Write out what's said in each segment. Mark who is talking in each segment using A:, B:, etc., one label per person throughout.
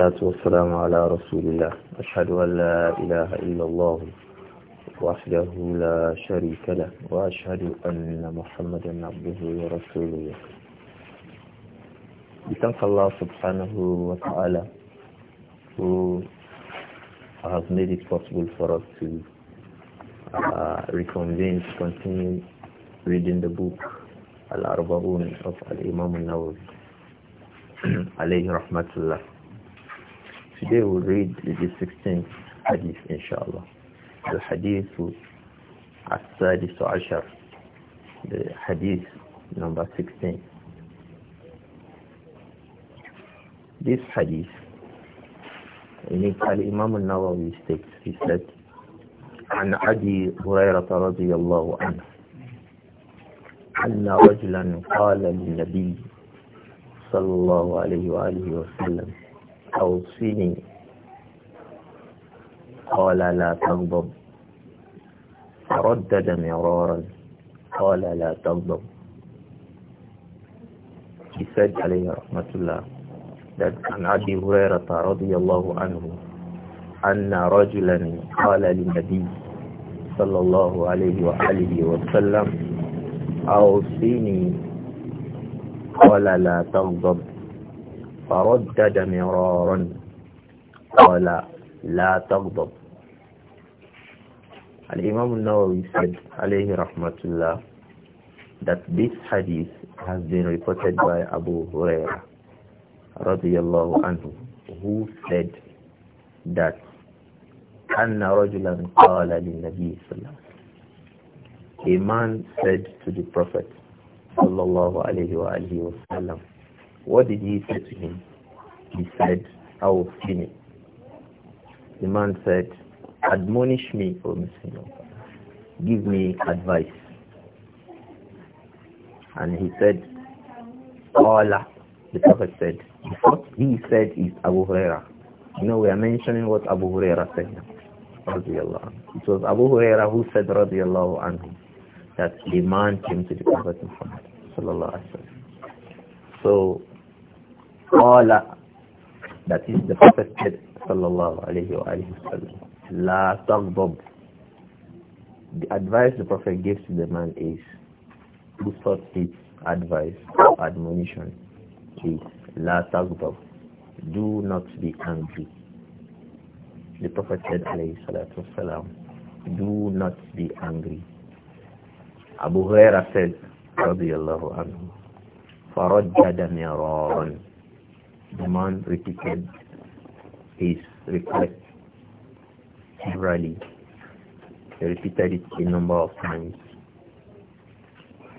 A: والصلاة والسلام على رسول الله أشهد أن لا إله إلا الله وحده لا شريك له وأشهد أن محمدا عبده ورسوله We thank Allah subhanahu wa ta'ala who has made it possible for us to uh, reconvene to continue reading the book Al-Arba'un of Al-Imam Al-Nawawi alayhi rahmatullah Today we'll read the 16th hadith, inshallah. The hadith السادس عشر the hadith number 16. This hadith, in it imam al-Nawawi states, he said, عن أبي هريرة رضي الله عنه أن رجلا قال للنبي صلى الله عليه وآله وسلم أوصني قال لا تغضب فردد مرارا قال لا تغضب He said عليه رحمة الله that عن أبي هريرة رضي الله عنه أن رجلا قال للنبي صلى الله عليه وآله وسلم أوصيني قال لا تغضب فردد مرارا قال لا تغضب الإمام النووي said عليه رحمة الله that this hadith has been reported by Abu Huraira radiyallahu anhu who said that أن رجلا قال للنبي صلى الله عليه وسلم a man said to the prophet sallallahu alayhi wa what did he say to him? He said, I will sin it. The man said, admonish me, O Messenger. Give me advice. And he said, Allah, the Prophet said, what he said is Abu Huraira. You know, we are mentioning what Abu Huraira said. It was Abu Huraira who said, radiallahu anhu, that the man came to the Prophet Muhammad. so Qala. That is the Prophet said, sallallahu alayhi wa alayhi wa sallam, La taghdab. The advice the Prophet gives to the man is, who sought his advice or admonition is, La taghdab. Do not be angry. The Prophet said, alayhi salatu wasalam, do not be angry. Abu Huraira said, رضي الله عنه فرجد مرارا the man repeated his request severally. He repeated it a number of times.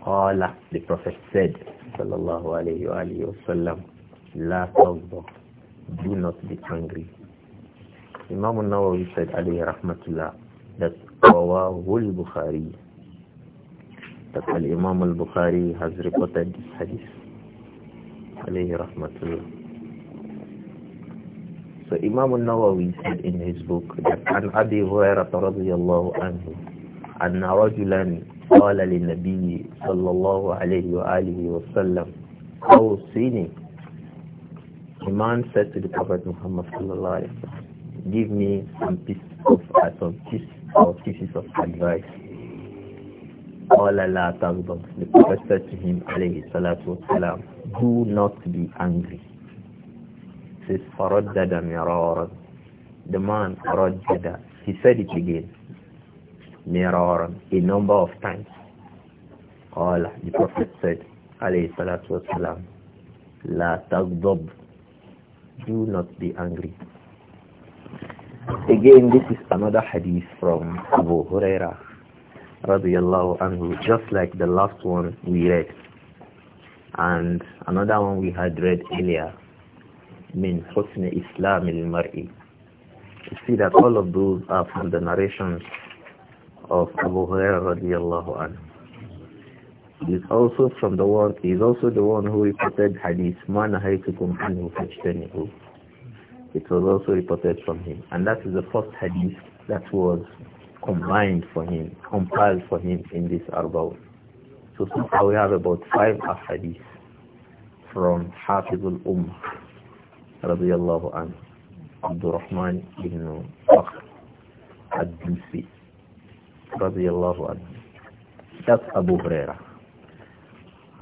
A: Allah, the Prophet said, sallallahu alayhi wa sallam, La tawba, do not be angry. Imam nawawi said, alayhi rahmatullah, that Qawahul Bukhari, that al-Imam al-Bukhari has reported this hadith, alayhi rahmatullah. So Imam al-Nawawi said in his book that an Abi Hurairah radiyallahu anhu أن رجلا قال للنبي صلى الله عليه وآله وسلم أوصيني A man said to the Prophet Muhammad صلى الله عليه وسلم Give me some piece of uh, some piece or pieces of advice قال لا تغضب The Prophet said to him عليه الصلاة والسلام Do not be angry says, فَرَدَّدَ مِرَارًا The man, فَرَدَّدَ He said it again. مِرَارًا A number of times. Allah, The Prophet said, عليه Salaam, la لَا تَغْضَبْ Do not be angry. Again, this is another hadith from Abu Hurairah radiallahu anhu, just like the last one we read and another one we had read earlier min husni islam mari You see that all of those are from the narrations of Abu Hurairah radiallahu anhu. He is also from the one, he is also the one who reported hadith, ma nahaytukum anhu fajtanihu. It was also reported from him. And that is the first hadith that was combined for him, compiled for him in this Arba'un. So so far we have about five hadiths from Hafizul Ummah رضي الله عنه عبد الرحمن بن فخر الدوسي رضي الله عنه شخص أبو هريرة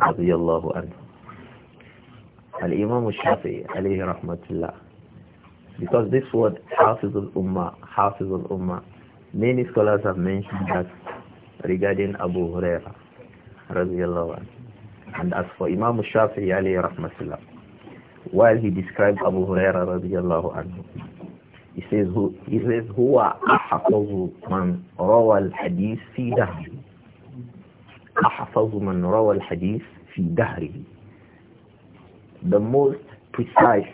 A: رضي الله عنه الإمام الشافعي عليه رحمة الله because this word حافظ الأمة حافظ الأمة many scholars have mentioned that regarding Abu Huraira رضي الله عنه and as for Imam الشافعي عليه رحمة الله while he describes Abu Huraira radiallahu anhu. He says, he says, هو أحفظ من روى الحديث في دهره. أحفظ من روى الحديث في دهره. The most precise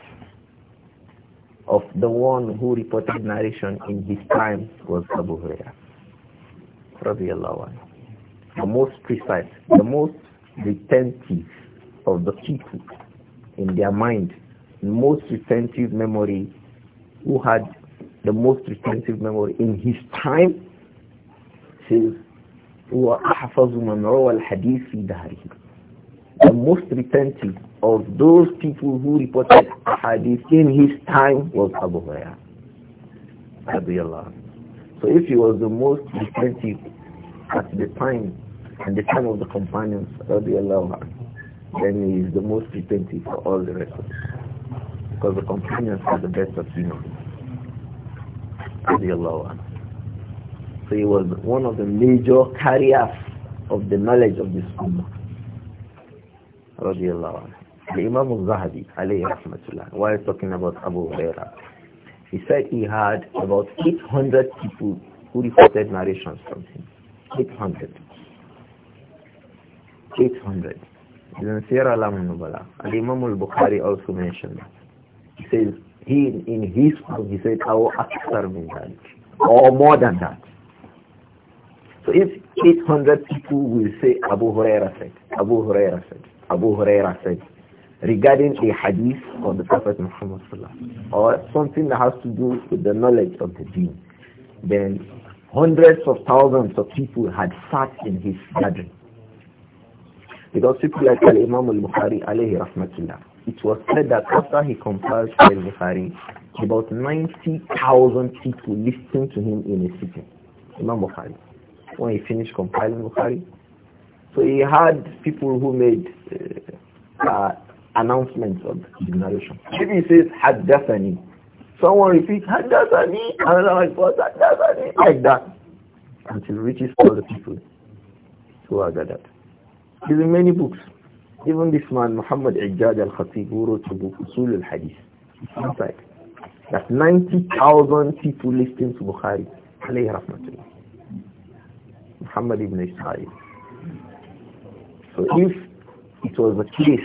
A: of the one who reported narration in his time was Abu Huraira. The most precise, the most retentive of the people in their mind, most retentive memory, who had the most retentive memory in his time, says, هو أحفظ من روى الحديث The most retentive of those people who reported hadith in his time was Abu Hurairah. So if he was the most retentive at the time and the time of the companions, radiallahu anhu, then he is the most repentant for all the rest of us. Because the companions are the best of humans. So he was one of the major carriers of the knowledge of this Ummah. Radiallahu The Imam al-Zahabi, alayhi rahmatullah, while talking about Abu Huraira, he said he had about 800 people who reported narrations from him. 800. 800 in Sierra Alam And Imam al-Bukhari also mentioned He says, he, in his book, he said, our aksar min Or more than that. So if 800 people will say Abu Huraira said, Abu Huraira said, Abu Huraira said, regarding a hadith of the Prophet Muhammad or something that has to do with the knowledge of the deen, then hundreds of thousands of people had sat in his study like imam al-Bukhari alayhi rahmatullah, it was said that after he compiled al-Bukhari, about 90,000 people listened to him in a sitting. Imam Bukhari. When he finished compiling Bukhari. So he had people who made uh, uh, announcements of the narration. Maybe he says, Haddathani. Someone repeats, Haddathani. Another one goes, Haddathani. Like that. Until it reaches all the people who are gathered. There in many books. Even this man, Muhammad Ijjad al-Khatib, who wrote the book Usul al-Hadith, inside, that 90,000 people listening to Bukhari, alayhi rahmatullah. Muhammad ibn Ismail. So if it was a case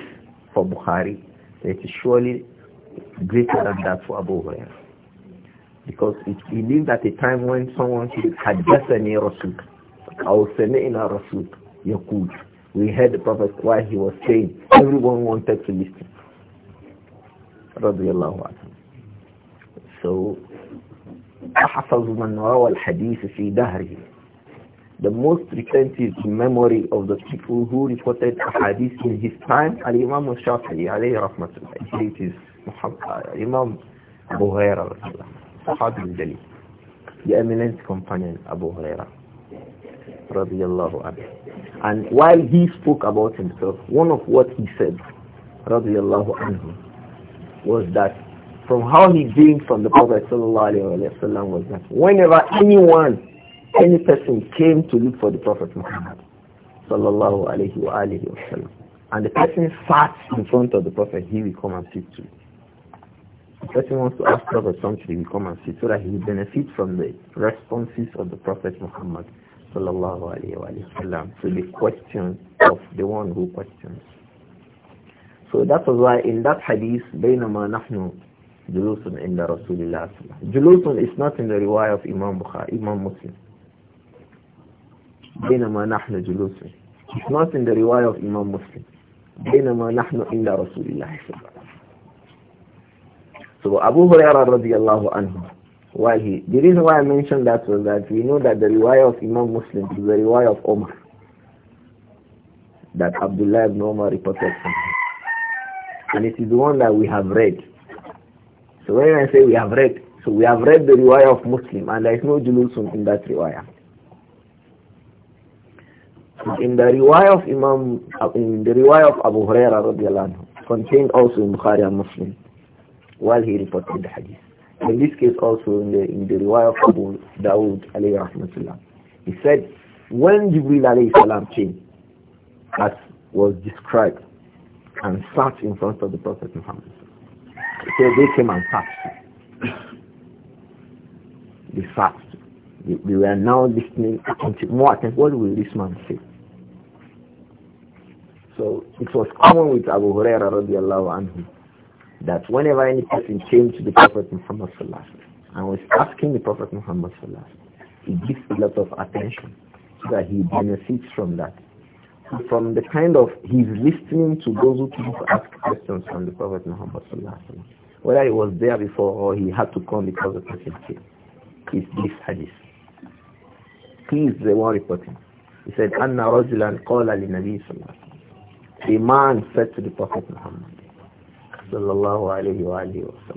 A: for Bukhari, it is surely greater than that for Abu Hurairah. Because it, he lived at a time when someone said, حدثني رسول أو سمعنا رسول يقول we heard the Prophet why he was saying, everyone wanted to listen. So, أحفظ من روى الحديث في دهره the most retentive memory of the people who reported hadith in his time, Al-Imam al-Shafi'i, alayhi rahmatullah. It is uh, Imam Abu Huraira, Sahabi al-Jali, the eminent companion Abu Huraira radiallahu anhu. And while he spoke about himself, one of what he said, radiallahu anhu, was that from how he gained from the Prophet wasallam was that whenever anyone, any person came to look for the Prophet Muhammad sallallahu alayhi wa alayhi wa and the person sat in front of the Prophet, he will come and sit to. The person wants to ask Prophet something, he will come and sit so that he will benefit from the responses of the Prophet Muhammad sallallahu alayhi wa sallam to the question of the one who questions. So that was why in that hadith, بينما نحن جلوس عند رسول الله صلى الله عليه جلوس is not in the riwayah of Imam Bukhari, Imam Muslim. بينما نحن جلوس. It's not in the riwayah of Imam Muslim. بينما نحن عند رسول الله صلى الله عليه So Abu Hurairah radiallahu anhu while he the reason why I mentioned that was that we know that the riwayah of Imam Muslim is the riwayah of Omar that Abdullah ibn Omar reported from him. And it is the one that we have read. So when I say we have read, so we have read the riwayah of Muslim and there is no Julusun in that riwayah. In the riwayah of Imam, in the riwayah of Abu Hurairah radiallahu contained also in Bukhari and Muslim while he reported the hadith. In this case also in the, in the riwayah of Abu Dawood alayhi rahmatullah, he said, when Jibril alayhi salam came, as was described, and sat in front of the Prophet Muhammad, so they came and sat. They sat. We they were now listening more attentive. What will this man say? So it was common with Abu Huraira radiallahu anhu that whenever any person came to the Prophet Muhammad and was asking the Prophet Muhammad he gives a lot of attention so that he benefits from that. From the kind of, he's listening to those who came to ask questions from the Prophet Muhammad whether he was there before or he had to come because the person came. It's this hadith. He is the one reporting. He said, أَنَّ رَجُلًا قَالَ لِنَبِيِّ صَلَّى A man said to the Prophet Muhammad, sallallahu alayhi wa alayhi wa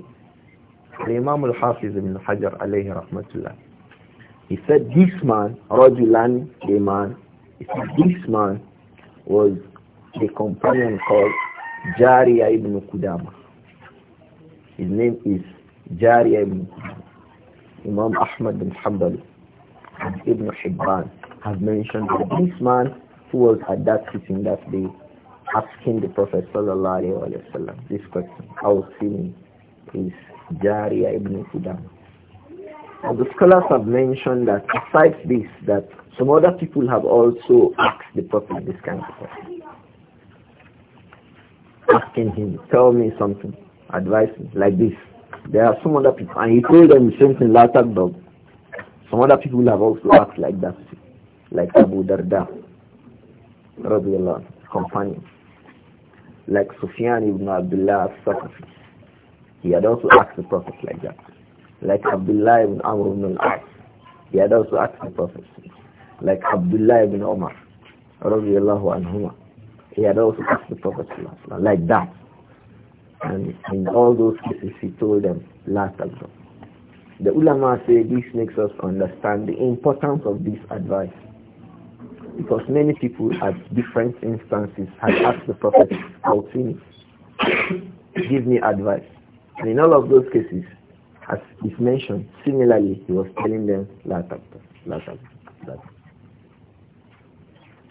A: The Imam al-Hafiz ibn Hajar He said this man, Rajulan, the man, this man was the companion called Jariya ibn Qudama. His name is Jariya ibn Qudama. Imam Ahmad bin Hanbal Ibn Hibban have mentioned that this man who was at that sitting that day asking the Prophet وسلم, this question, how sin is Jariya ibn Sudan. And the scholars have mentioned that besides this, that some other people have also asked the Prophet this kind of question. Asking him, tell me something, advise me, like this. There are some other people, and he told them the same thing, Latak dog. Some other people have also asked like that, like Abu Darda, companion like Sufyan ibn Abdullah al-Saqafi. He had also asked the Prophet like that. Like Abdullah ibn Amr ibn al-As. He had also asked the Prophet. Like Abdullah ibn Umar. Radiallahu anhuma. He had also asked the Prophet like that. And in all those cases he told them, last advice. The ulama say this makes us understand the importance of this advice because many people at different instances had asked the Prophet, Altini, give me advice. And in all of those cases, as is mentioned, similarly, he was telling them, that.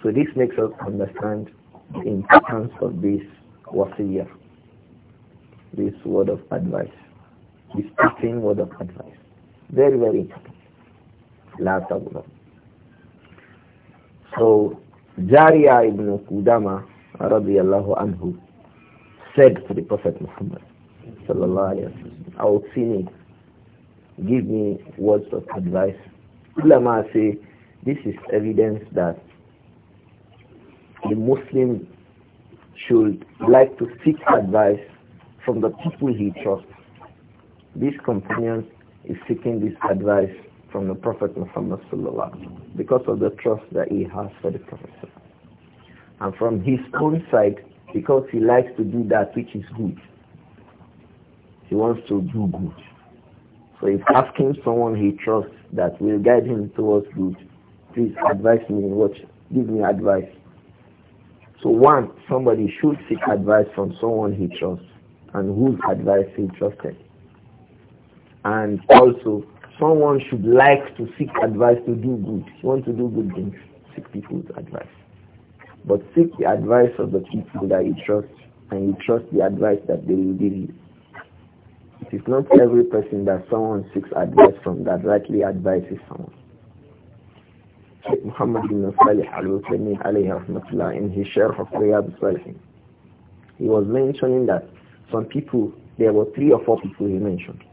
A: So this makes us understand the importance of this wasiyah, this word of advice, this teaching word of advice. Very, very important. La tabta. So Jariya ibn Qudama radiallahu anhu said to the Prophet Muhammad sallallahu alayhi wa sallam, give me words of advice. Ulama say this is evidence that the Muslim should like to seek advice from the people he trusts. This companion is seeking this advice from the Prophet Muhammad because of the trust that he has for the Prophet and from his own side because he likes to do that which is good he wants to do good so he's asking someone he trusts that will guide him towards good please advise me what. give me advice so one somebody should seek advice from someone he trusts and whose advice he trusted and also someone should like to seek advice to do good. If you want to do good things, seek people's advice. But seek the advice of the people that you trust, and you trust the advice that they will give you. It is not every person that someone seeks advice from that rightly advises someone. Sheikh Muhammad bin Salih al-Uthaymeen alayhi in his Sharh of Riyadh Salihin, he was mentioning that some people, there were three or four people he mentioned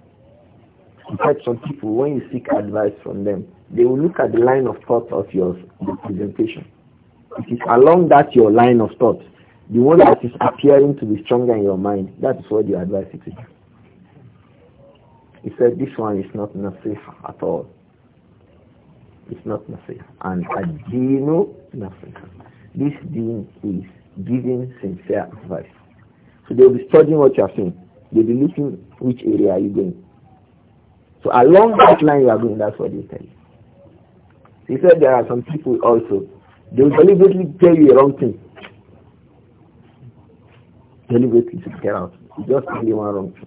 A: in some people, when you seek advice from them, they will look at the line of thought of your presentation. It is along that your line of thought, the one that is appearing to be stronger in your mind, that is what your advice is. He said, this one is not nasiha at all. It's not nasiha. And adinu nasiha. This deen is giving sincere advice. So they'll be studying what you are saying. They'll be looking which area are you going. So along that line you are going, that's what they tell you. He said there are some people also,
B: they will deliberately
A: tell you a wrong thing. Deliberately to get out. Just tell you one wrong thing.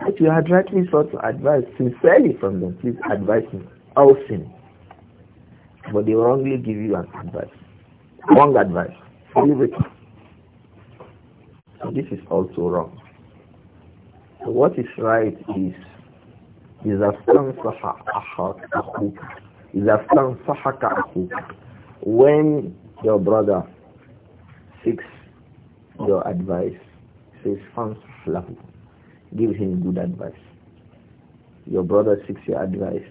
A: But you had rightly sought to advise sincerely from them. Please advise me. All sin. But they wrongly give you an advice. Wrong advice. Deliberately. So this is also wrong. So what is right is إذا استنصح أخوك إذا استنصحك أخوك when your brother seeks your advice says fansah lahu give him good advice your brother seeks your advice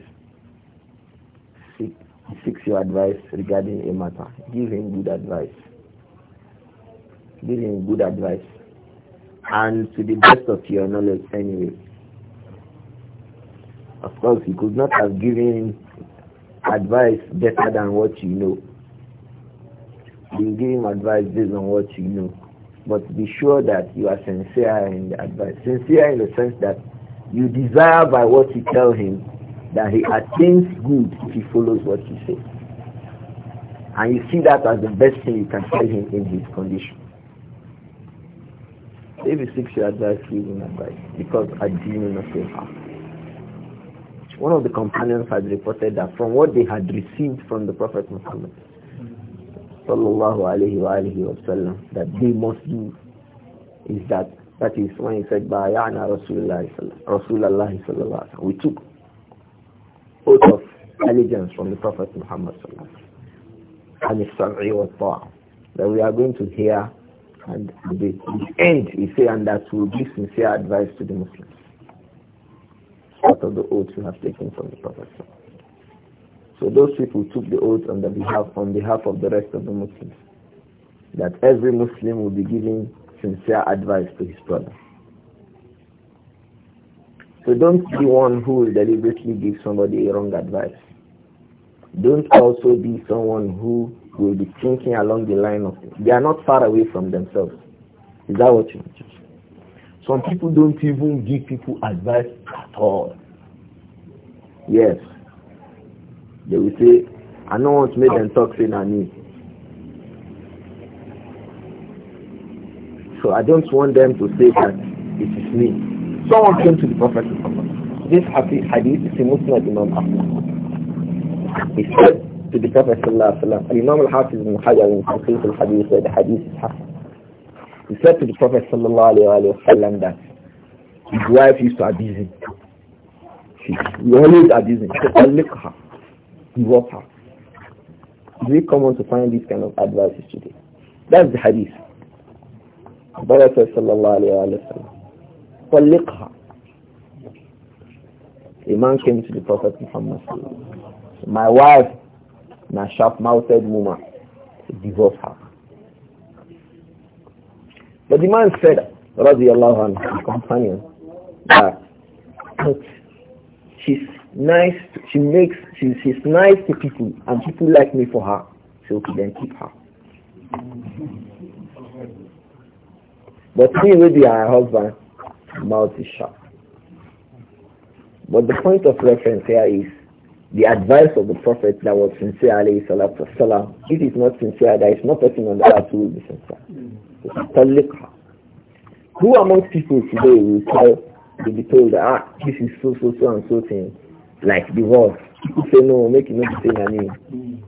A: seek, seeks your advice regarding a matter give him good advice give him good advice and to the best of your knowledge anyway of course, you could not have given advice better than what you know. You give him advice based on what you know. But be sure that you are sincere in the advice. Sincere in the sense that you desire by what you tell him that he attains good if he follows what you say. And you see that as the best thing you can tell him in his condition. If he seeks your advice, give him advice. Because I do not know how. One of the companions had reported that from what they had received from the Prophet Muhammad sallallahu alayhi wa alihi wa sallam that they must do is that that is when he said bayana Rasulullah Rasulullah sallallahu we took oath of allegiance from the Prophet Muhammad sallallahu and sam'i wa that we are going to hear and the, the end he say and that will give sincere advice to the Muslims part of the oath you have taken from the Prophet. So those people took the oath on the behalf on behalf of the rest of the Muslims. That every Muslim will be giving sincere advice to his brother. So don't be one who will deliberately give somebody a wrong advice. Don't also be someone who will be thinking along the line of they are not far away from themselves. Is that what you mean? Some people don't even give people advice at all. Yes. They will say, I don't want them talk in me. So I don't want them to say that it is me. Someone came to the Prophet This hadith is the Muslim Imam Ahmad. He said to the Prophet Sallallahu Allah, Imam al-Hafiz in al-Hadith said the hadith is Hasan. He said to the Prophet وسلم, that his wife used to abuse him. She always abused him. He said, look her. Divorce her. Is it common to find these kind of advices today? That's the hadith. The Prophet وسلم, طلقها a man came to the Prophet Muhammad. My wife, my sharp-mouthed woman, divorced her. But the man said, radiallahu anhu, companion, that she's nice, she makes, she, she's nice to people and people like me for her. So okay, then keep her. But me will be her husband, mouth is shut. But the point of reference here is the advice of the Prophet that was sincere, alayhi salatu wasalam. If it's not sincere, there is no person on the earth who will be sincere. طلقها who among people today will tell will be told that ah, this is so so so and so thing like divorce people say no make it not be saying name.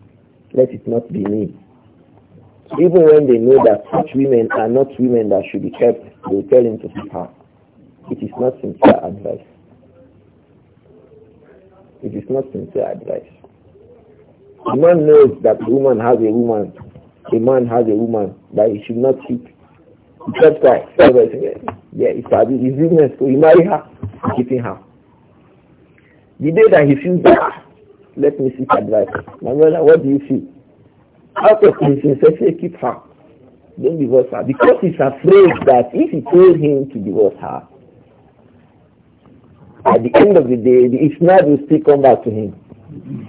A: let it not be me even when they know that such women are not women that should be kept they tell him to keep her it is not sincere advice it is not sincere advice a man knows that woman has a woman a man has a woman that he should not cheat. He kept quiet. Yeah, it's his business. So he marry her, keeping her. The day that he feels bad, let me seek advice. My brother, what do you feel? Out of his sincerity, keep her. Don't divorce her. Because he's afraid that if he told him to divorce her, at the end of the day, the Islam will still come back to him.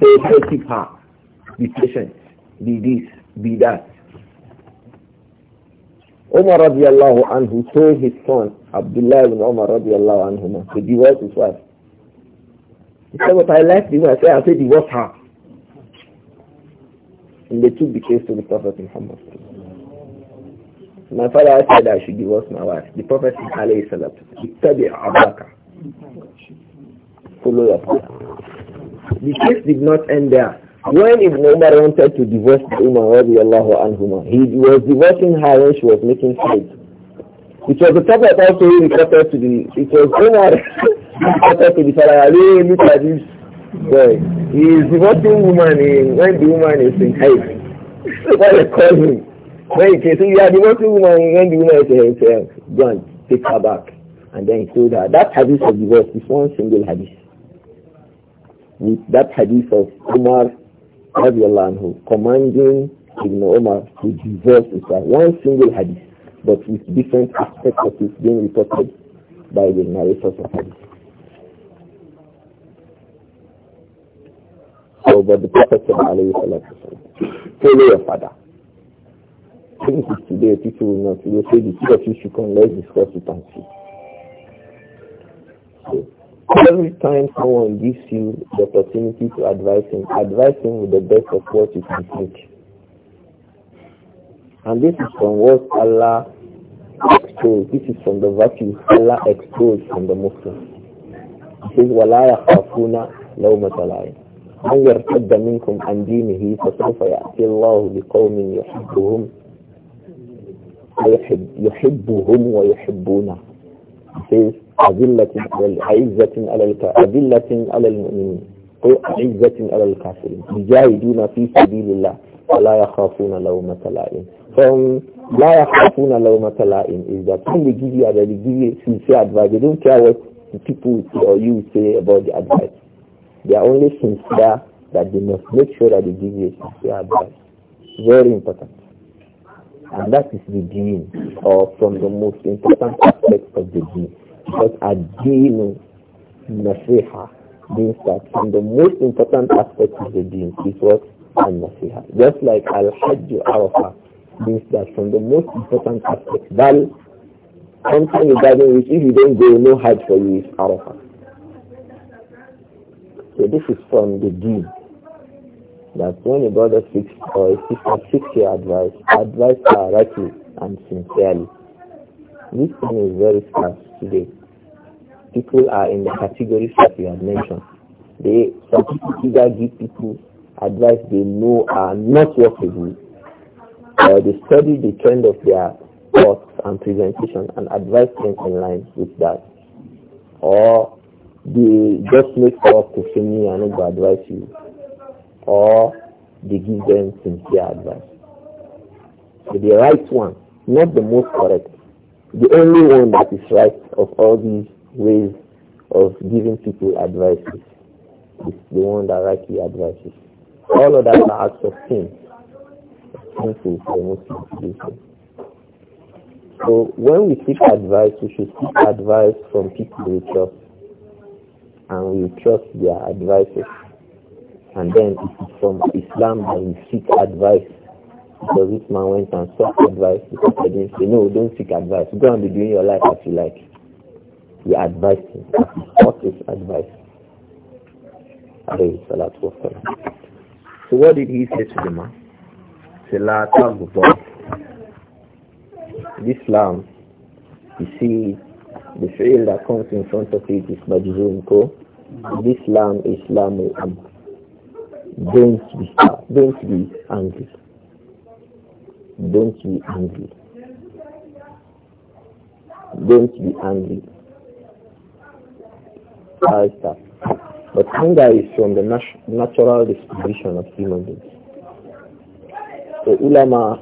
A: Say, so keep her. Be patient. Be this be that. Umar radiallahu anhu told his son, Abdullah ibn Umar radiyallahu anhu, to divorce his wife. He said, but I like the wife. I said, I said, divorce her. And they took the case to the Prophet Muhammad. My father said I should divorce my wife. The Prophet said, alayhi salatu, abaka. Follow your father. The case did not end there. When Ibn Umar wanted to divorce the Umar radiallahu anhuma, he was divorcing her when she was making slaves. It was the Prophet also who reported to the, it was Umar reported to the Salah Ali, look at this boy. He is divorcing woman in, when the woman is in height. What they call him. When he says, you are divorcing woman when the woman is in height, go and take her back. And then he told her, that hadith of divorce is one single hadith. With that hadith of Umar anhu, commanding Ibn Omar to divorce his wife. One single hadith, but with different aspects of it being reported by the narrators of hadith. So, but the Prophet said, alayhi salatu follow your father. Since it's today, people will not. They will say, the two of you should come, let's discuss it and see. So, Every time someone gives you the opportunity to advise him, advise him with the best of what you can think. And this is from what Allah extols. This is from the virtue Allah extols from the Muslims. He says, وَلَا يَخَافُونَ لَوْمَةَ لَعِينَ من يرتد منكم عن دينه فسوف يأتي الله بقوم يحبهم يحب يحبهم ويحبونه says أذلة عزة على أذلة على المؤمنين أو عزة على الكافرين يجاهدون في fi sabilillah. ولا يخافون لومة لائم from لا يخافون لومة لائم is that when they give you advice they give you sincere advice they don't care what the people or you say about the advice they are only sincere that they must make sure that they give you sincere advice very important and that is the deen, or from the most important aspect of the deen. Because a deen nasiha means that from the most important aspect of the deen is what? Al-nasiha. Just like al-hajj arafah means that from the most important aspect, bal, something regarding which if you don't go, no hajj for you is arafah. So this is from the deen that when a brother seeks or a sister seeks your advice, advise her rightly and sincerely. This thing is very scarce today. People are in the categories that you have mentioned. They some people either give people advice they know are not workable, or they study the trend of their thoughts and presentation and advise them in line with that. Or they just make talk to me and not advise you or they give them sincere advice. So the right one, not the most correct, the only one that is right of all these ways of giving people advice is the one that rightly advises. All of that are acts of sin. Sinful for so. So when we seek advice, we should seek advice from people we trust and we trust their advices. And then it is from Islam that you seek advice. Because this man went and sought advice because I didn't no, don't seek advice. Go and be doing your life as you like. We advised him. What is advice? Alayhi salatu wa So what did he say to the man? This lamb, you see, the field that comes in front of it is majzum This lamb, is lam al don't be, ah, don't be angry. Don't be angry. Don't be angry. I start. But anger is from the nat natural disposition of human beings. ulama,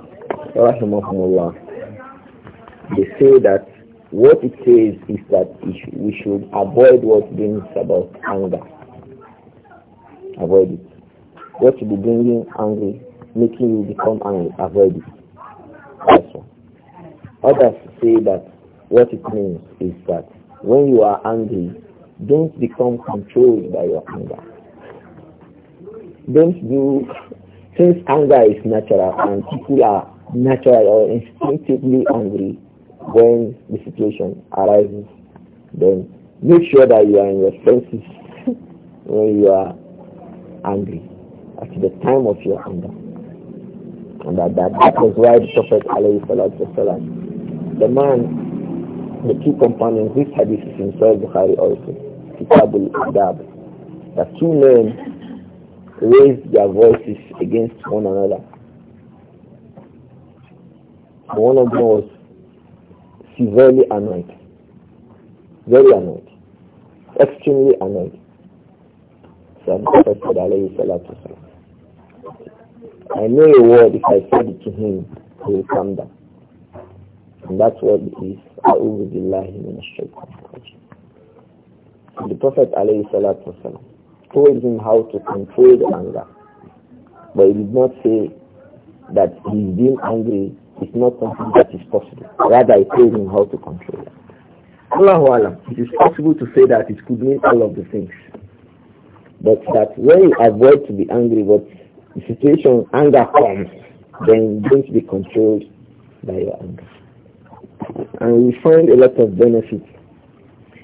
A: rahimahumullah, they say that what it says is that we should avoid what brings about anger. Avoid it what will be bringing angry, making you become angry, avoid it. Also, Others say that what it means is that when you are angry, don't become controlled by your anger. Don't do, since anger is natural and people are natural or instinctively angry when the situation arises, then make sure that you are in your senses when you are angry at the time of your hunger. And that, that, that was why the Prophet alayhi the man, the two companions, this hadith is in Sahih Bukhari also, Kitabul Adab, the two men raised their voices against one another. one of them was severely annoyed, very annoyed, extremely annoyed. So the Prophet said I know a word, if I said it to him, he will come down. And that's what it him in a straight الرجيم. The Prophet told him how to control the anger. But he did not say that he's being angry is not something that is possible. Rather, he told him how to control it. Allahu Alam, it is possible to say that it could mean all of the things. But that when you avoid to be angry, but the situation anger comes, then don't be controlled by your anger. And we find a lot of benefit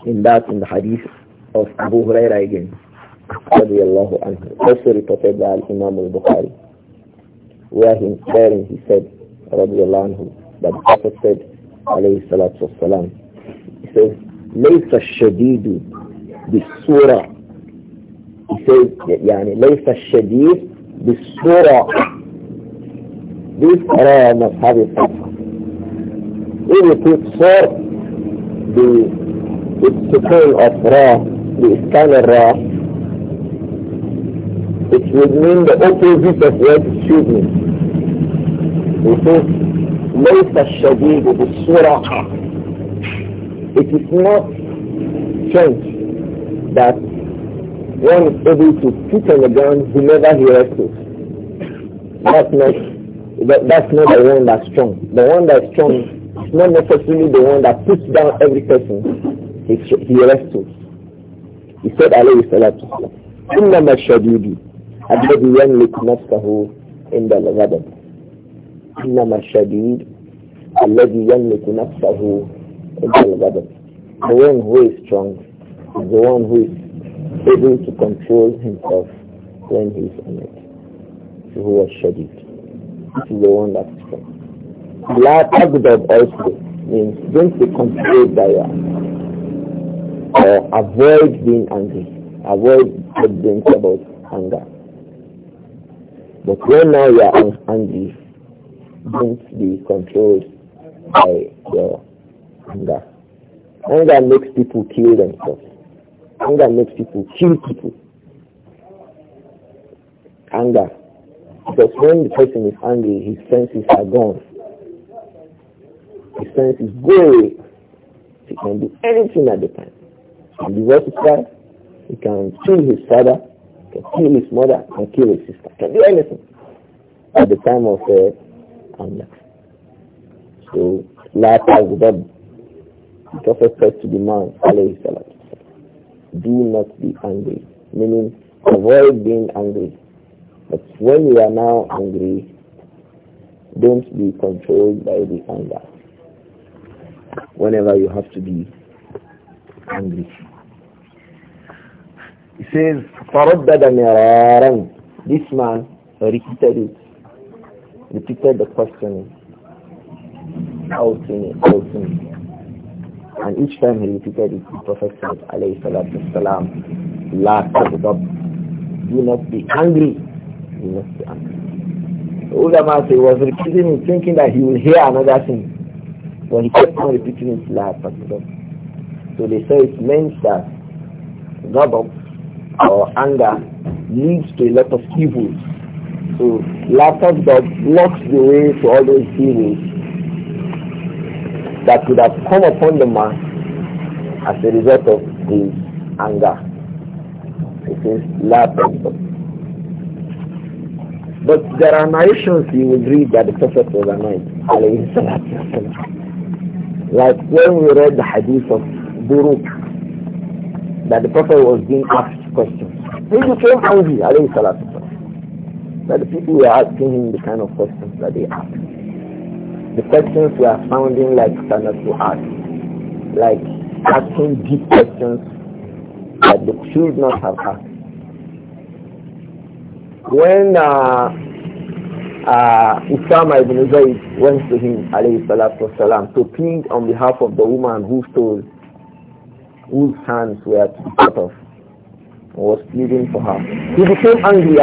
A: in that in the hadith of Abu Huraira again, radiallahu anhu, also reported by Imam al-Bukhari, where him sharing, he said, radiallahu anhu, that the Prophet said, alayhi salatu wassalam, he says, ليس الشديد بالصورة he says يعني ليس الشديد the surah. This surah must have a fatha. If you put surah, the it's the sukun of ra, the iskan of it would mean the opposite of what it should mean. Because ليس the surah, It is not strange that one is able to put on the ground, he never hears it. That's not, that, that's not the one that's strong. The one that's strong is not necessarily the one that puts down every person. He, he rests it. He said, alayhi salatu wasalam, إنما الشديد الذي يملك in عند الغضب إنما الشديد الذي يملك نفسه عند الغضب The one who is strong is the one who is able to control himself when he's on it. Who was shadid. This is the one that is from. La also means don't be controlled by your or avoid being angry. Avoid being about anger. But when now you are angry, don't be controlled by your anger. Anger makes people kill themselves. Anger makes people kill people. Anger. Because when the person is angry, his senses are gone. His senses go away. He can do anything at the time. He can divorce his He can kill his father. He can kill his mother. He can kill his sister. He can do anything at the time of uh, anger. So, la tazbab. The Prophet said to the man, alayhi do not be angry, meaning avoid being angry. But when you are now angry, don't be controlled by the anger. Whenever you have to be angry. He says, فَرَدَّدَ مِرَارًا This man repeated it, repeated the question, How in it. And each time he repeated it, the Prophet said, alayhi salatu salam, la do not be angry, do not be angry. The ulama say, was repeating it, thinking that he will hear another thing. But he kept on repeating it, la taghdab. So they say it means that ghadab or anger leads to a lot of evils. So lack blocks the way to all those evils that could have come upon the man as a result of his anger. It is lack But there are narrations you will read that the Prophet was annoyed. Like when we read the hadith of Buruk, that the Prophet was being asked questions. He became angry, alayhi salatu That the people were asking him the kind of questions that they asked. The questions were sounding like ask, like asking deep questions that they should not have asked. When uh, uh, Usama ibn Zayd went to him والسلام, to plead on behalf of the woman who stole, whose hands were cut off, was pleading for her. He became angry.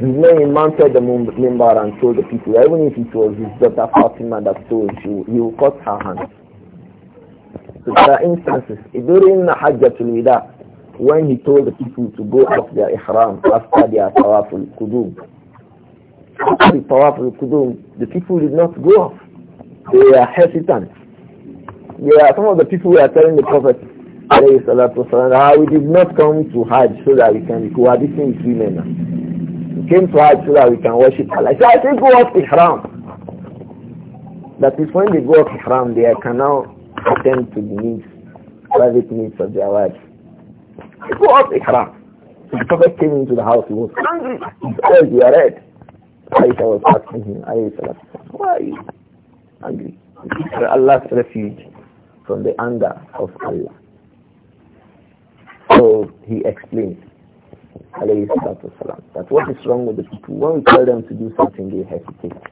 A: His man mounted the member and told the people, even if it was his daughter Fatima that told you, he will cut her hand. So there are instances, during Hajjatul Wida, when he told the people to go off their ihram after their powerful kudum after the tawaf kudum the people did not go off. They were hesitant. There are some of the people who are telling the Prophet, ah, we did not come to Hajj so that we can be cohabiting with women came to us so that we can worship Allah. So I said, go up Haram." That is when they go up Haram, they can now attend to the needs, private needs of their wives. They go up haram. So the Prophet came into the house, he was angry. He said, "You are red. "I was asking him, why are you angry? For Allah's refuge from the anger of Allah. So he explained alayhi salatu that what is wrong with the people? When we tell them to do something, they hesitate.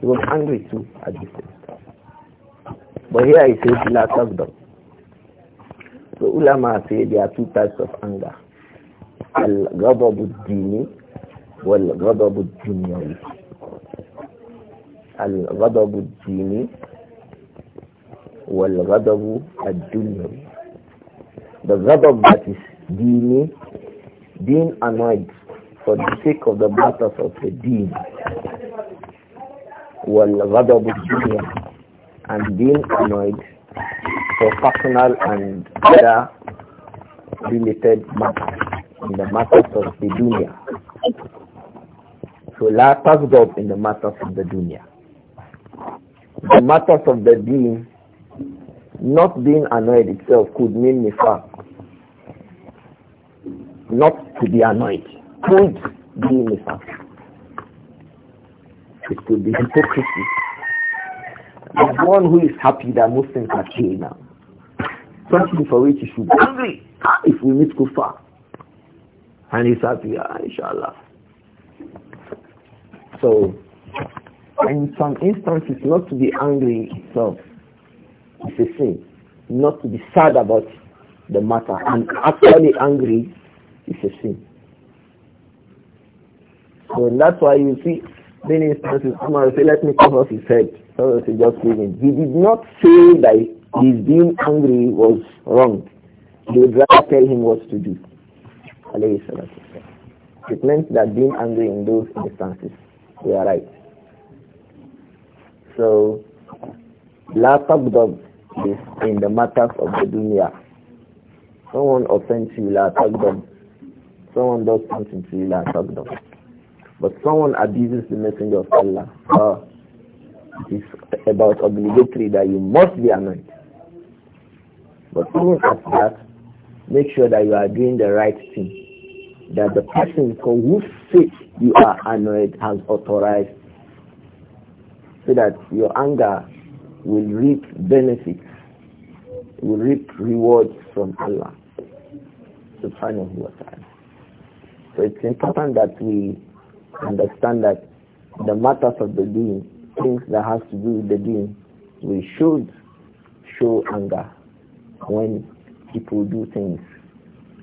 A: He was angry too at this time. But here he says, La tasbam. So ulama say there are two types of anger. Al-ghadabu dini wal-ghadabu dunyawi. Al-ghadabu dini wal-ghadabu dunyawi The ghadab that is dini, being annoyed for the sake of the matters of the deen, والغضب dunya, and being annoyed for personal and other related matters in the matters of the dunya. So la tasgob in the matters of the dunya. The matters of the deen, not being annoyed itself could mean nifaq not to be annoyed could be misunderstood. It could be hypocrisy. The one who is happy that Muslims are killing now. Something for which he should be angry ah, if we meet Kufa. And he's happy, ah, inshallah. So, in some instances, not to be angry itself is a sin. Not to be sad about the matter and actually angry it's a sin. So that's why you see many instances, Umar say, let me cover his head. So he just leave him. He did not say that his being angry was wrong. He would rather tell him what to do. It means that being angry in those instances, we are right. So, la taqdab is in the matters of the dunya. Someone offends you, la taqdab someone does something to you, la But someone abuses the messenger of Allah, uh, it is about obligatory that you must be annoyed. But even after that, make sure that you are doing the right thing. That the person for whose sake you are annoyed has authorized so that your anger will reap benefits, will reap rewards from Allah subhanahu wa ta'ala. So it's important that we understand that the matters of the deen, things that has to do with the deen, we should show anger when people do things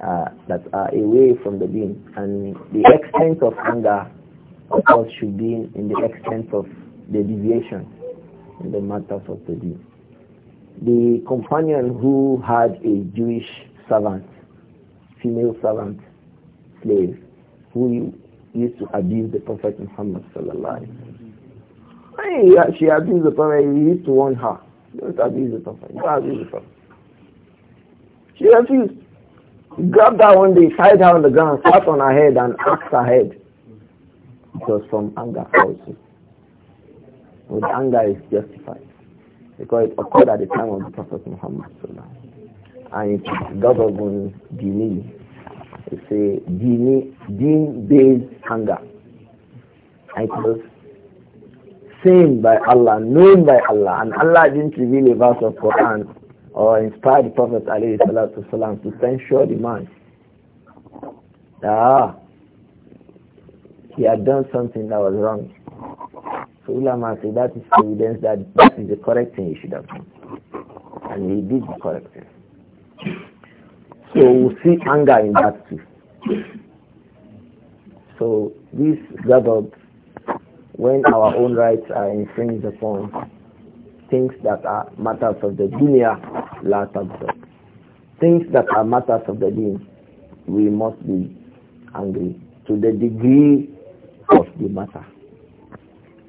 A: uh, that are away from the deen. And the extent of anger, of course, should be in the extent of the deviation in the matters of the deen. The companion who had a Jewish servant, female servant, slave, who used to abuse the Prophet Muhammad sallallahu alaihi wasallam. She abused the Prophet. He used to warn her, "Don't abuse the Prophet. Don't abuse the Prophet." She refused. He grabbed her one day, tied her on the ground, sat on her head, and axed her head. It was from anger also. But anger is justified because it occurred at the time of the Prophet Muhammad sallallahu alaihi wasallam, and it doesn't even delay it's a deen-based hunger. was seen by Allah, known by Allah, and Allah didn't reveal a verse of Quran or inspire the Prophet والسلام, to censure the man. Ah, he had done something that was wrong. So ulama say that is evidence that that is the correct thing he should have done. And he did the correct thing. So we see anger in that too. So this gathered when our own rights are infringed upon things that are matters of the dunya la Things that are matters of the deen, we must be angry to the degree of the matter.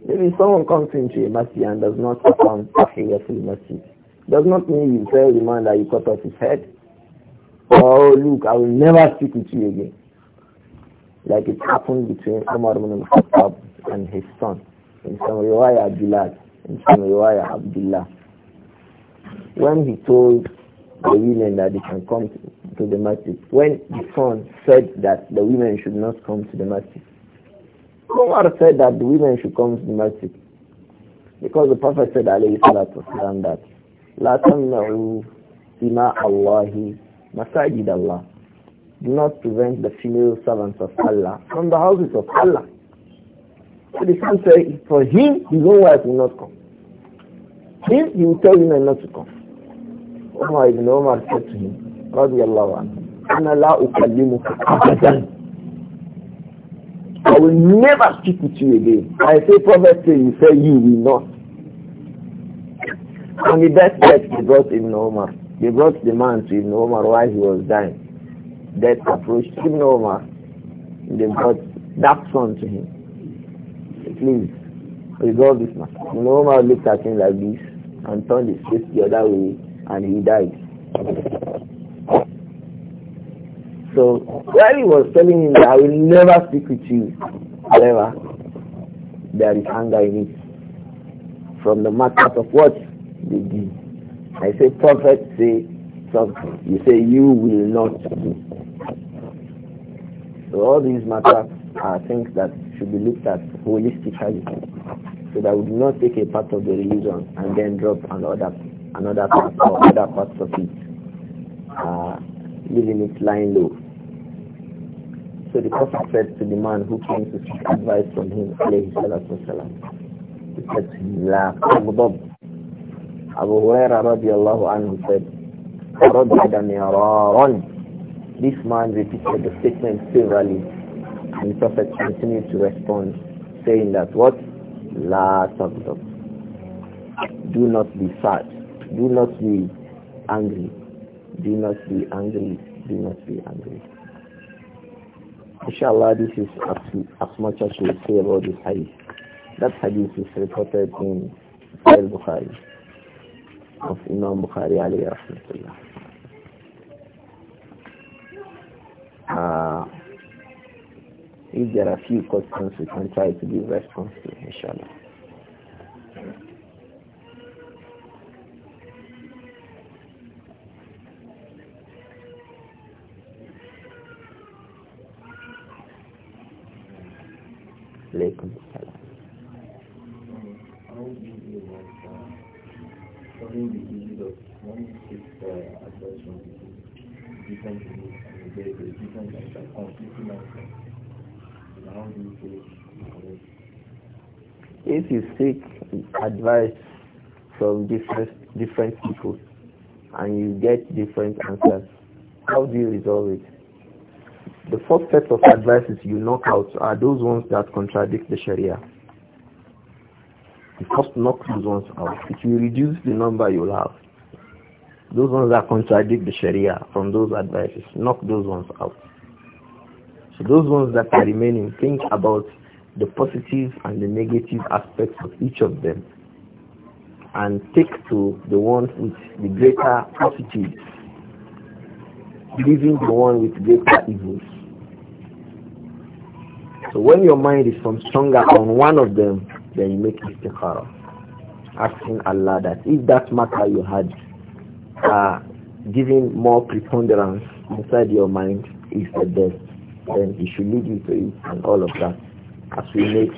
A: Maybe someone comes into a masjid and does not perform tahiyatul masjid. Does not mean you tell the man that you cut off his head oh look, I will never speak with you again. Like it happened between Umar ibn al-Khattab and his son. In some riwayah Abdullah, in some riwayah Abdullah. When he told the women that they can come to the masjid, when the son said that the women should not come to the masjid, Umar said that the women should come to the masjid. Because the Prophet said, alayhi salatu wasalam, that, لا تمنعوا إماء الله Masajid Allah. Do not prevent the female servants of Allah from the houses of Allah. So the son said, for him, his own wife will not come. Him, he will tell him not to come. Umar ibn Umar said to him, رضي الله عنه, أنا لا أكلمك أبدا. I will never speak with you again. I say, Prophet say, you say, you will not. On the best day, he brought Ibn Umar. They brought the man to Ibn Omar while he was dying. Death approached Ibn Omar. They brought that son to him. Please, resolve this matter. Ibn Omar looked at him like this and turned his face the other way and he died. So while he was telling him that I will never speak with you, however, there is anger in it from the matter of what they did. I say, prophet, say something. You say, you will not do. So all these matters are things that should be looked at holistically. So that we do not take a part of the religion and then drop another another part or other parts of it, uh, leaving it lying low. So the Prophet said to the man who came to seek advice from him, alayhi he said to him, La Abu Huraira radiallahu anhu said, This man repeated the statement severally and the Prophet continued to respond saying that what? La taqdab. Do not be sad. Do not be angry. Do not be angry. Do not be angry. Inshallah, this is as, as much as we say about this hadith. That hadith is reported in Al-Bukhari of Imam Bukhari alayhi rahmatullah. Uh, if there are few questions, we can try to give response to, inshallah. عليكم السلام the of uh, from different different conflicting How do you face if you seek advice from different different people and you get different answers, how do you resolve it? The first set of advices you knock out are those ones that contradict the Sharia. You first knock those ones out. If you reduce the number you'll have, those ones that contradict the Sharia from those advices, knock those ones out. So those ones that are remaining, think about the positive and the negative aspects of each of them and take to the one with the greater positives, leaving the one with greater evils. So when your mind is from stronger on one of them, then you make istikhara. Asking Allah that if that matter you had uh, more preponderance inside your mind is the best, then He should lead you to it and all of that as we make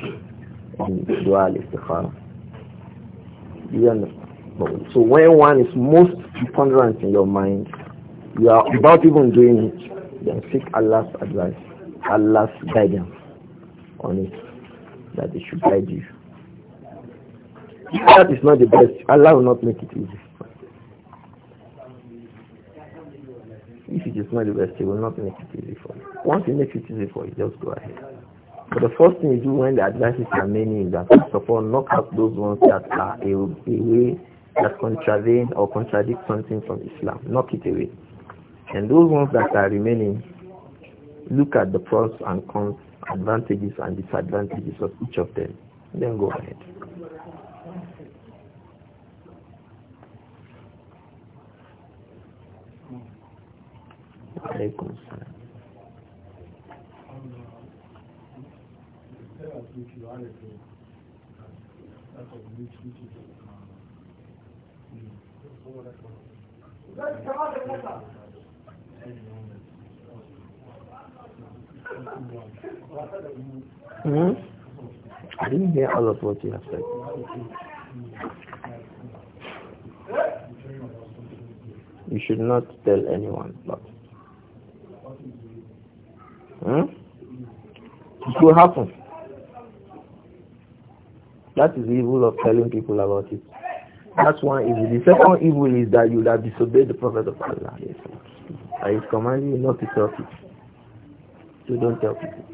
A: in dua istikhara. You understand? So when one is most preponderant in your mind, you are without even doing it, then seek Allah's advice, Allah's guidance on it, that it should guide you that is not the best, Allah will not make it easy. If it is not the best, He will not make it easy for you. Once He makes it easy for you, just go ahead. But the first thing you do when the advices are many is that first of all, knock out those ones that are a, a way that contravene or contradict something from Islam. Knock it away. And those ones that are remaining, look at the pros and cons, advantages and disadvantages of each of them. Then go ahead. Alaikum hmm? salam. I didn't hear all of what you have said. You should not tell anyone. But Hmm? It will happen. That is the evil of telling people about it. That's one evil. The second evil is that you have disobeyed the Prophet of Allah. Yes. I is commanding you not to tell people. So don't tell people.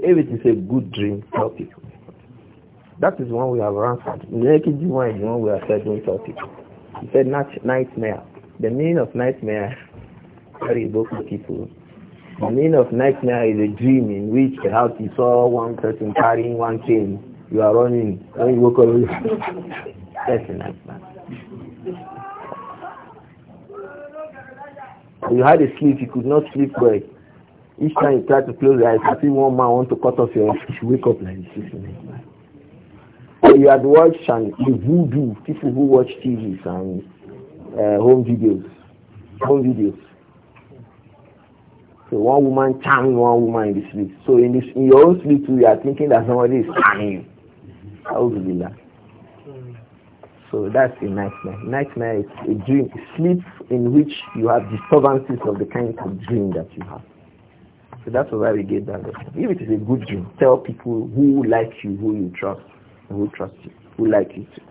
A: If it is a good dream, tell people. That is one we have answered. Naked one is one we are settling tell people. He said nightmare. The meaning of nightmare very vocal people. The meaning of nightmare is a dream in which perhaps you saw one person carrying one chain. You are running. When you woke up, that's a nightmare. You had a sleep, you could not sleep well. Each time you try to close your eyes, I see one man want to cut off your head, you wake up like this. So you had watched and the voodoo, people who watch TVs and uh, home videos. Home videos. So one woman charming one woman in the sleep. So in this in your own sleep too, you are thinking that somebody is charming you. How would you that? So that's a nightmare. Nightmare is a dream, sleep in which you have disturbances of the kind of dream that you have. So that's why we gave them. If it is a good dream, tell people who like you, who you trust, who trust you, who like you too.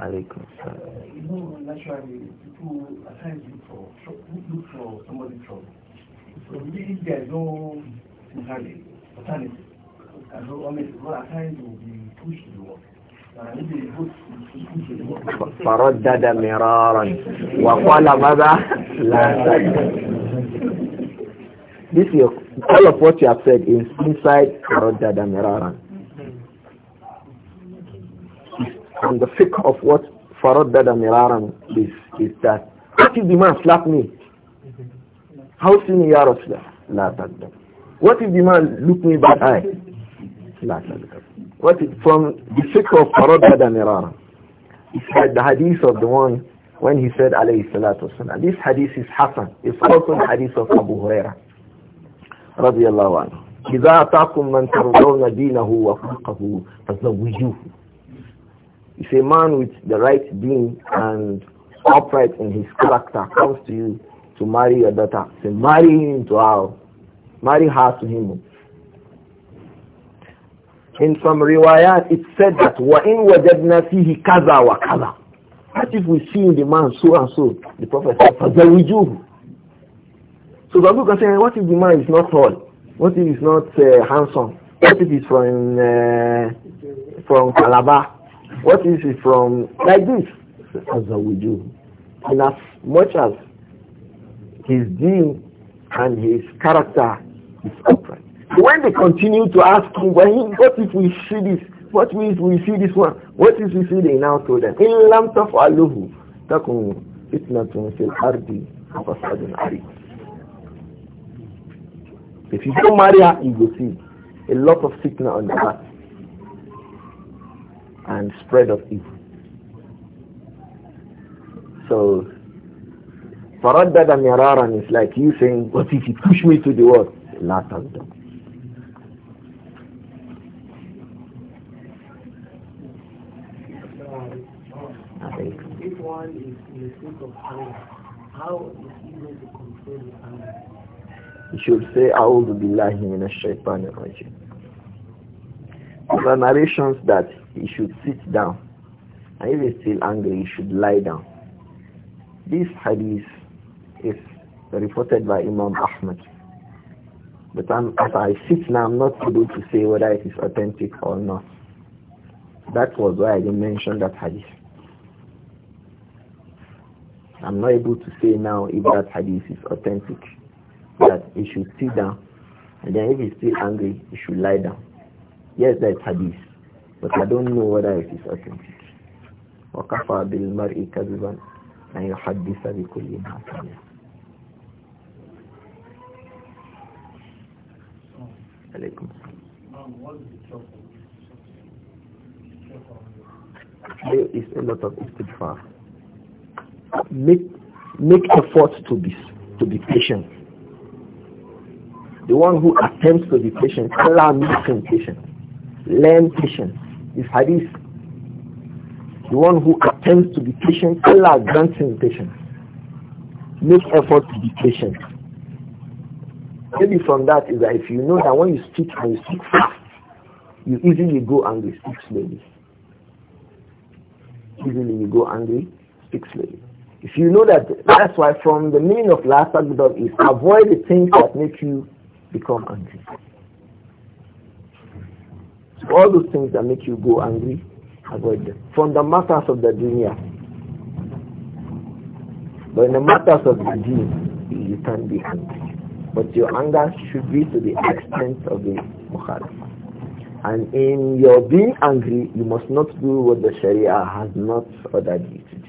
A: Alaikum. Uh, you know, naturally, people at times look for, look for somebody's trouble. So if there is no alternative, and so, I mean, at times will be pushed to the work. فردد مرارا وقال ماذا لا this is all of what you have said is inside Radda Damiraran. And the fiqh of what Faradda Damiraran is, is that, what if the man slap me? How sin ya Rasulah? La What if the man look me bad eye? What is from the fiqh of Farada Mirara. It's like the hadith of the one when he said alayhi salatu wasalam. This hadith is Hassan. It's also the hadith of Abu Huraira. رضي الله عنه إذا أتاكم من ترضون دينه وَفَقْهُ فزوجوه If a man with the right being and upright in his character comes to you to marry your daughter, say marry him to her, marry her to him. In some riwayat, it said that وَإِنْ وَجَدْنَا kaza wa kaza What if we see in the man so and so, the Prophet said, فَزَوِّجُوهُ So the book can say, what if the man is not tall? What if is not uh, handsome? What if he's from, uh, from Calabar? What if he's from, like this? فَزَوِّجُوهُ And as much as his deen and his character is up when they continue to ask him, when he, what if we see this? What if we see this one? What if we see they now told them? In lam taf aluhu takum to fil ardi fasadun ari. If you don't marry her, you will see a lot of sickness on the heart and spread of evil. So Faradda Miraran is like you saying, what if you push me to the wall? La tagdam. one is in a state of anger, how is he going to control his anger? He should say, A'udhu billahi minash shaitanir rajim. There are narrations that he should sit down. And if he's still angry, he should lie down. This hadith is reported by Imam Ahmad. But I'm, as I sit now, I'm not able to say whether it is authentic or not. That was why I didn't mention that hadith. I'm not able to say now if that hadith is authentic, that he should sit down, and then if he's still angry, he should lie down. Yes, that's hadith, but I don't know whether it is authentic. وَكَفَى بِالْمَرْءِ كَذِبًا أَنْ يُحَدِّثَ بِكُلِّ مَا سَمِعَ عليكم There is a lot of istighfar make make effort to be to be patient. The one who attempts to be patient, learn makes Learn patience. This hadith. The one who attempts to be patient, Allah grants him patience. Make effort to be patient. Maybe from that is that if you know that when you speak and you speak fast, you easily go angry, speak slowly. Easily you go angry, speak slowly. If you know that, that's why from the meaning of last agudam is avoid the things that make you become angry. So all those things that make you go angry, avoid them. From the matters of the dunya. But in the matters of the deen, you can be angry. But your anger should be to the extent of the mukhalif. And in your being angry, you must not do what the Sharia has not ordered you to do.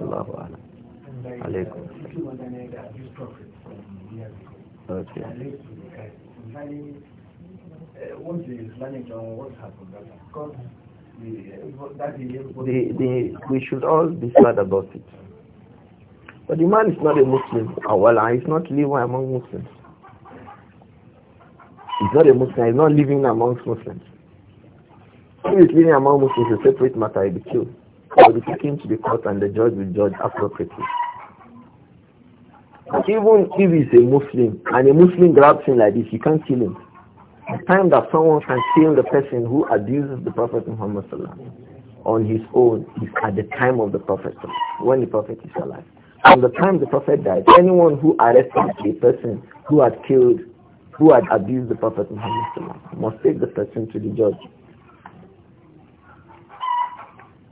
A: Allahu Okay. the Islamic what the, we should all be sad about it. But the man is not a Muslim. Oh, well, he's not living among Muslims. He's not a Muslim. He's not living amongst Muslims. If he's living among Muslims, a separate matter. He'll be killed will be taken to the court and the judge will judge appropriately. even if he's a Muslim and a Muslim grabs him like this, you can't kill him. The time that someone can kill the person who abuses the Prophet Muhammad on his own is at the time of the Prophet, when the Prophet is alive. From the time the Prophet died, anyone who arrested a person who had killed, who had abused the Prophet Muhammad must take the person to the judge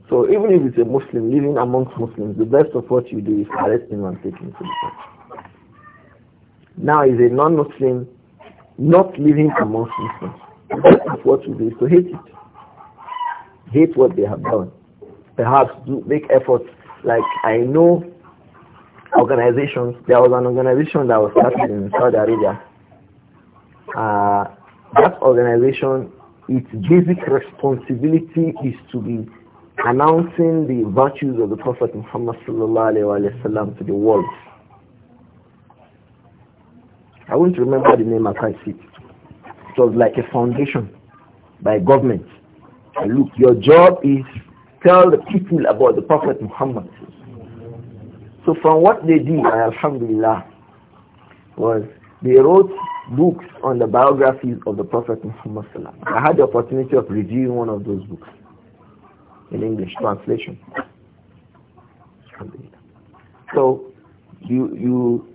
A: so even if it's a Muslim living amongst Muslims, the best of what you do is arrest him and take him to the court. Now is a non-Muslim, not living amongst Muslims. The best of what you do is to hate it. Hate what they have done. Perhaps do make efforts like I know organizations. There was an organization that was started in Saudi Arabia. Uh, that organization, its basic responsibility is to be announcing the virtues of the Prophet Muhammad sallallahu to the world. I won't remember the name, I can't see it. It was like a foundation by government. And look, your job is tell the people about the Prophet Muhammad. So from what they did, Alhamdulillah, was they wrote books on the biographies of the Prophet Muhammad. I had the opportunity of reviewing one of those books in English translation. So you you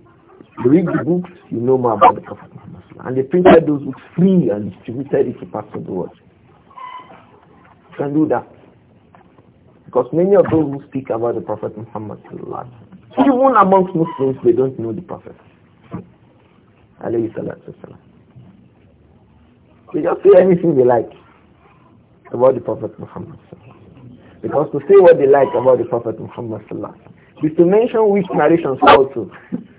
A: read the books, you know more about the Prophet Muhammad. And they printed those books free and distributed it to parts of the world. You can do that. Because many of those who speak about the Prophet Muhammad even amongst Muslims, they don't know the Prophet. They just say anything they like about the Prophet Muhammad. Because to say what they like about the Prophet Muhammad sallallahu is to mention which narrations also.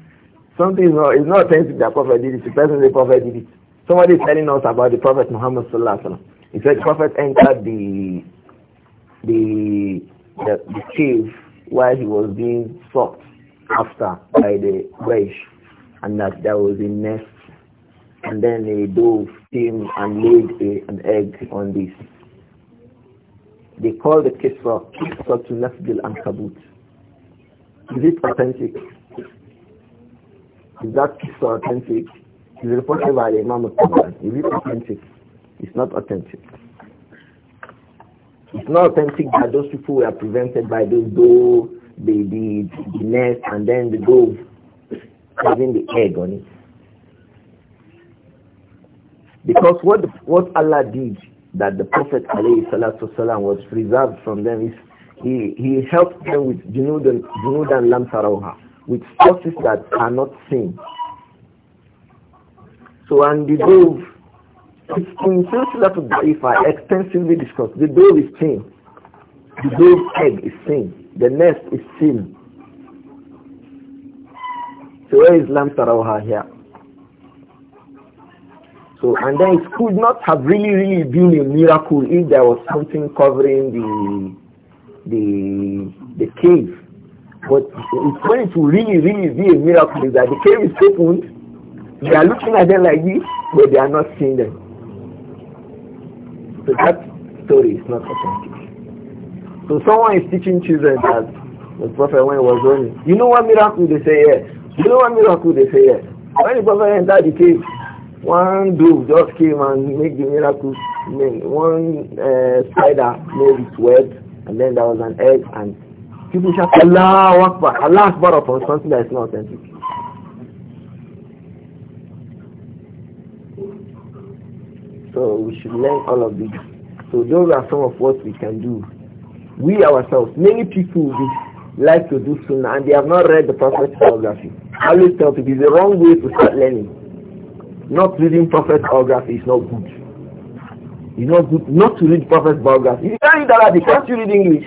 A: Something is not, it's not authentic that Prophet did it, the person the Prophet did it. Somebody is telling us about the Prophet Muhammad sallallahu He said the Prophet entered the, the, the, the cave while he was being sought after by the Quraysh and that there was a nest and then a dove came and laid a, an egg on this they call the Kisra Kisra to Nasbil and Kabut. Is it authentic? Is that Kisra authentic? Is it reported by Imam al Is it authentic? It's not authentic. It's not authentic that those people were prevented by those dough, the, the, the nest, and then the dove having the egg on it. Because what, what Allah did that the Prophet والسلام, was preserved from them is he, he helped them with junud and, junud lam with forces that are not seen. So and the dove, in Silsila to Daifa, extensively discussed, the dove is seen, the dove egg is seen, the nest is seen. So where is lam here? So, and then it could not have really, really been a miracle if there was something covering the the the cave. But it's going to really, really be a miracle is that the cave is opened, they are looking at them like this, but they are not seeing them. So that story is not authentic. So someone is teaching children that the prophet when he was running, you know what miracle they say yes. You know what miracle they say yes. When the prophet entered the cave, one dove just came and made the miracle. One uh, spider made its web, and then there was an egg, and people shout, Allah Akbar, Allah Akbar upon something that is not authentic. So we should learn all of these. So those are some of what we can do. We ourselves, many people like to do sunnah and they have not read the Prophet's biography. I always tell people it's the wrong way to start learning. Not reading prophet's biography is not good. It's not good not to read prophet's biography. You can't read Arabic, can't you read English?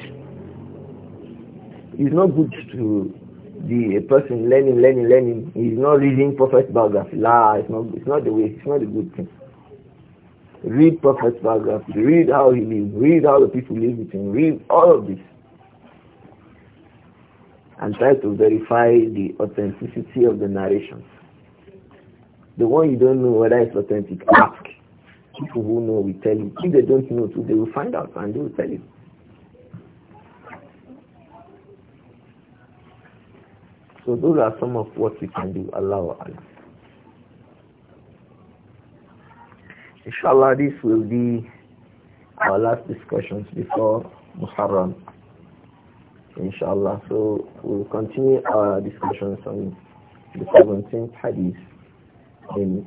A: It's not good to the person learning, learning, learning. He's not reading prophet's biography. La, it's not, it's not the way, it's not a good thing. Read prophet's biography, read how he lived, read how the people lived with him, read all of this and try to verify the authenticity of the narration. The one you don't know whether it's authentic, ask. People who know will tell you. If they don't know too, they will find out and they will tell you. So those are some of what we can do. Allow Allah. Inshallah, this will be our last discussions before Muharram. Inshallah. So we'll continue our discussions on the 17th hadith in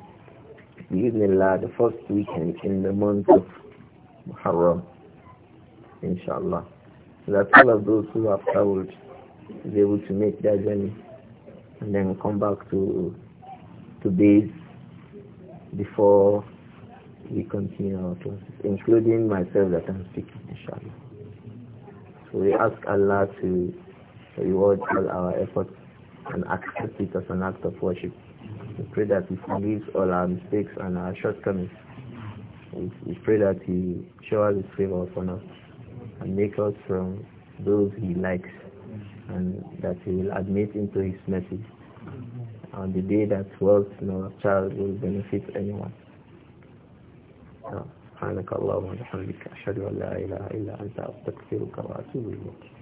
A: Bismillah, the first weekend in the month of Muharram, inshallah. So that all of those who have traveled is able to make their journey and then come back to to base before we continue our classes, including myself that I'm speaking, inshallah. So we ask Allah to reward all our efforts and accept it as an act of worship. We pray that He forgives all our mistakes and our shortcomings. We, pray that He us His favor upon us and make us from those He likes and that He will admit into His mercy on the day that wealth no child will benefit anyone. سبحانك اللهم وبحمدك أشهد أن لا إله إلا أنت أستغفرك وأتوب إليك